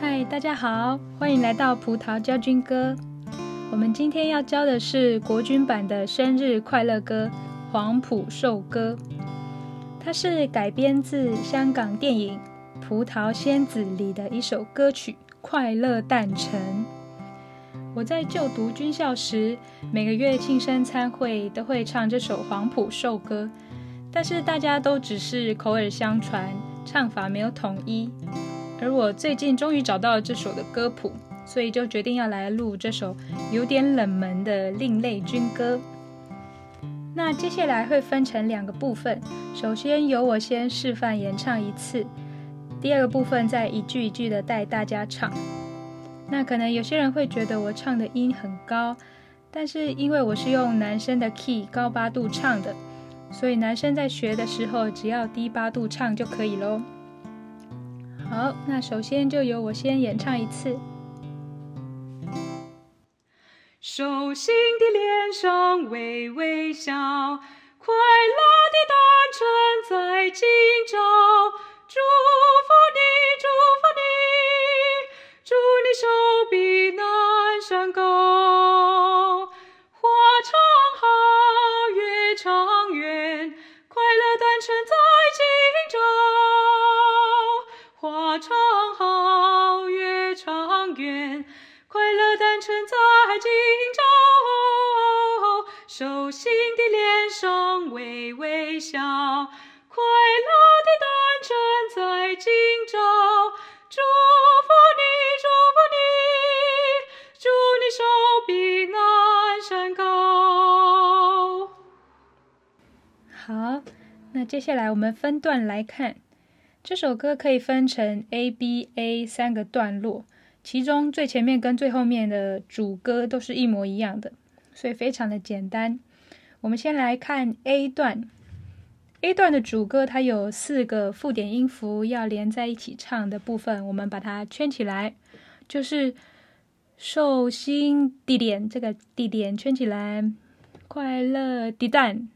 嗨，大家好，歡迎來到葡萄教軍歌。我們今天要教的是國軍版的生日快樂歌《黃埔壽歌》，它是改編自香港電影《葡萄仙子》裡的一首歌曲《快樂誕辰》。我在就讀軍校時，每個月慶生餐會都會唱這首黃埔壽歌，但是大家都只是口耳相傳，唱法沒有統一。而我最近終於找到了這首的歌譜，所以就決定要來錄這首有點冷門的另類軍歌。那接下來會分成兩個部分，首先由我先示範演唱一次，第二個部分再一句一句的帶大家唱。那可能有些人會覺得我唱的音很高，但是因為我是用男生的 key 高八度唱的，所以男生在學的時候只要低八度唱就可以嘍。好，那首先就由我先演唱一次。壽星的臉上微微笑，快樂的誕辰在今朝。圓，快樂誕辰在今朝。壽星的臉上微微笑，快樂的誕辰在今朝，祝福你，祝福你，祝你壽比南山高。好，那接下來我們分段來看，這首歌可以分成 ABA 三個段落。其中最前面跟最後面的主歌都是一模一樣的，所以非常的簡單。我們先來看 A 段，A 段的主歌它有四個附點音符要連在一起唱的部分，我們把它圈起來，就是壽星的臉，這個的臉圈起來，快樂的誕，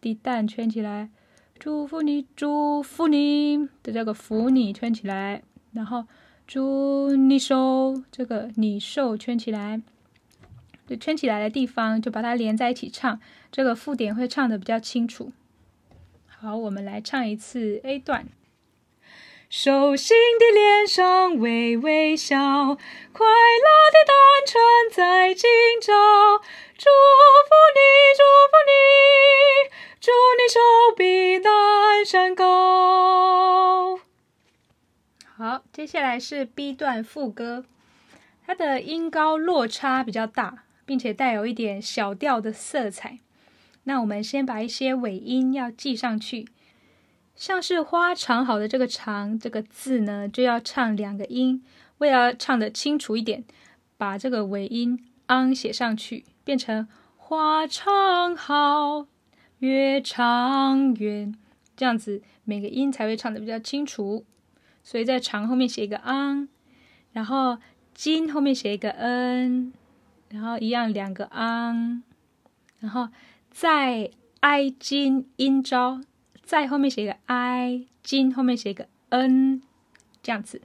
的誕圈起來，祝福你，祝福你的這個福你圈起來，然後。祝你壽這個你壽圈起來，就圈起來的地方，就把它連在一起唱，這個附點會唱的比較清楚。好，我們來唱一次 A 段。壽星的臉上微微笑，快樂的誕辰在今朝。祝福你，祝福你，祝你壽比南山高。接下來是 B 段副歌，它的音高落差比較大，並且帶有一點小調的色彩。那我們先把一些尾音要記上去，像是“花常好”的這個“常”這個字呢，就要唱兩個音，為了唱得清楚一點，把這個尾音 ang 寫上去，變成“花常好，月常圓”，這樣子每個音才會唱得比較清楚。所以在長後面寫一個 ang，、嗯、然後金後面寫一個 n，然後一樣兩個 ang，、嗯、然後在 i 金音招在後面寫一個 i，金後面寫一個 n，這樣子。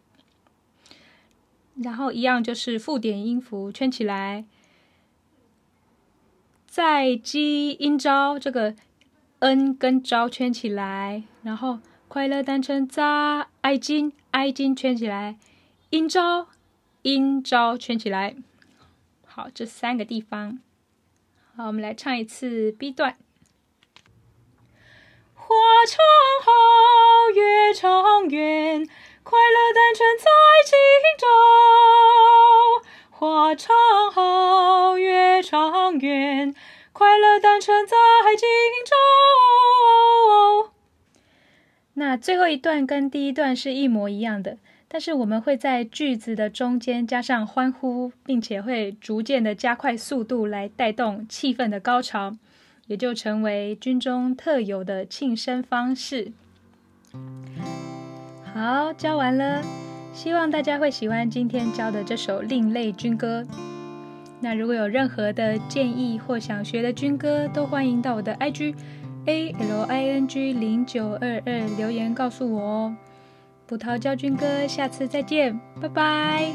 然後一樣就是附點音符圈起來，在 j 音招這個 n 跟招圈起來，然後。快樂誕辰在愛經，愛情愛情圈起來，今朝今朝圈起來。好，這三個地方。好，我們來唱一次 B 段。花常好，月常圓，快樂誕辰在今朝。」花常好，月常圓，快樂誕辰在今朝。那最後一段跟第一段是一模一樣的，但是我們會在句子的中間加上歡呼，並且會逐漸的加快速度來帶動氣氛的高潮，也就成為軍中特有的慶生方式。好，教完了，希望大家會喜歡今天教的這首另類軍歌。那如果有任何的建議或想學的軍歌，都歡迎到我的 IG。A L I N G 零九二二，留言告訴我哦！葡萄教軍歌，下次再見，拜拜。